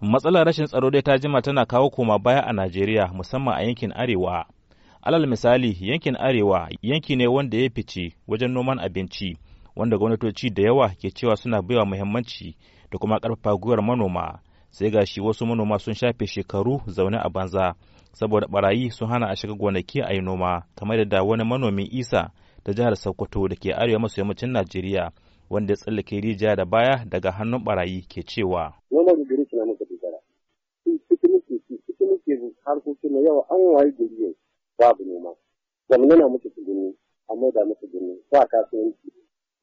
matsalar rashin tsaro dai ta jima tana kawo koma baya a najeriya musamman a yankin arewa alal misali yankin arewa yanki ne wanda ya fice wajen noman abinci wanda gwamnatoci da yawa ke cewa suna baiwa muhimmanci da kuma karfafa gwiwar manoma sai ga shi wasu manoma sun shafe shekaru zaune a banza saboda barayi sun hana a shiga gonaki a yi noma kamar da wani manomin isa ta jihar sokoto da ke arewa maso yammacin najeriya wanda ya tsallake rijiya da baya daga hannun barayi ke cewa. Noma gari suna muka dogara. Cikin muke ci, cikin muke harkokin na yau an wayi gari yau babu noma. Zamani na muka ci gini, amma da muka gini, ba kasuwanci.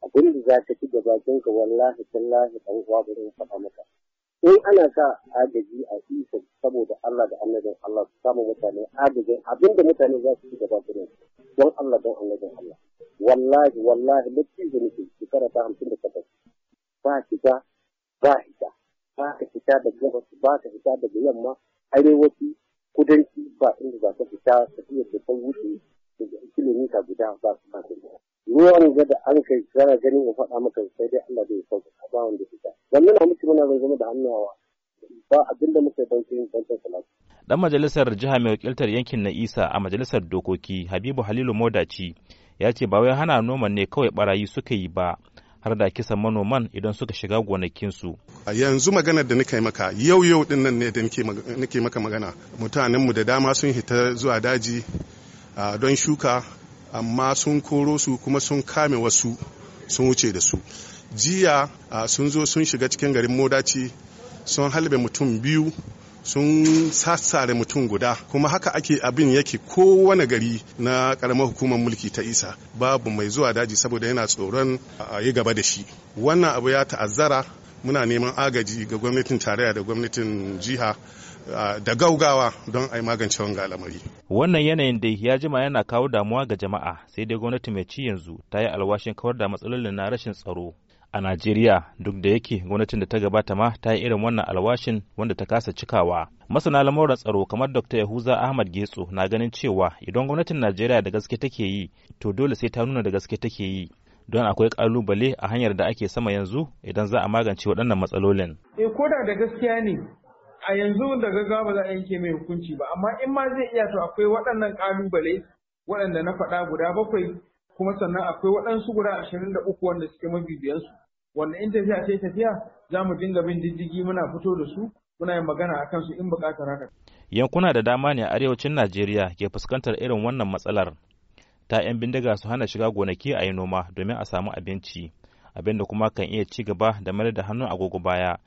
Abin da za ka ci gaba kin ka wallahi tallahi ɗan uwa ba zan faɗa maka. In ana sa agaji a isa saboda Allah da annabin Allah su samu mutane agajin abin da mutane za su ci gaba don Allah don annabin Allah. Wallahi wallahi mutum da muke shekara ta hamsin da takwas ba shiga ba hita ba ka fita da gabas ba ka fita daga yamma arewaci kudanci ba inda za ka fita tafiyar da ta wuce daga kilomita guda ba su ba ruwan ga da an kai kana ganin ya faɗa maka sai dai Allah bai sauka a ba wanda fita dan muna miki muna zama da hannuwa ba abin da muke dan yin dan salatu dan majalisar jiha mai wakiltar yankin na Isa a majalisar dokoki Habibu Halilu Modaci ya ce ba wai hana noman ne kawai barayi suka yi ba har da kisan manoman idan suka shiga gonakinsu. A yanzu maganar da nake maka yau yau din nan ne da nake maka magana mutanenmu da dama sun hita zuwa daji don shuka amma sun koro su kuma sun kame wasu sun wuce da su. Jiya sun zo sun shiga cikin garin Modaci sun halbe mutum biyu sun sassare mutum guda kuma haka ake abin yake kowane gari na karamar hukumar mulki ta isa babu mai zuwa daji saboda yana tsoron a yi gaba da shi wannan abu ya ta'azzara muna neman agaji ga gwamnatin tarayya da gwamnatin jiha da gaugawa don a yi magance wanga al'amari. Wannan yanayin da ya jima yana kawo damuwa ga jama'a sai dai gwamnati mai ci yanzu ta yi alwashin kawar da matsalolin na rashin tsaro a Najeriya duk da yake gwamnatin da ta gabata ma ta yi irin wannan alwashin wanda ta kasa cikawa. Masana lamuran tsaro kamar Dr. Yahuza Ahmad Getso na ganin cewa idan gwamnatin Najeriya da gaske take yi to dole sai ta nuna da gaske take yi. Don akwai kalubale a hanyar da ake sama yanzu idan za a magance waɗannan matsalolin. E, ko da da gaskiya ne a yanzu da gaggawa ba za a yanke mai hukunci ba amma in ma zai iya to akwai waɗannan kalubale waɗanda na faɗa guda bakwai kuma sannan akwai waɗansu guda ashirin da uku wanda suke mafi mabibiyansu wanda in tafiya sai tafiya za mu dinga bin diddigi muna fito da su muna yin magana akan su in buƙatar haka. Yankuna da dama ne a arewacin Najeriya ke fuskantar irin wannan matsalar. Ta 'yan bindiga su hana shiga gonaki a yi noma domin a samu abinci, abin da kuma kan iya ci gaba da mayar da hannun agogo baya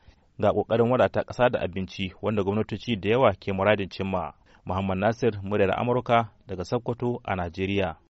ga ƙoƙarin wadata ƙasa da abinci wanda gwamnatoci da yawa ke muradin cimma. Muhammad Nasir, muryar Amurka daga Sokoto a Najeriya.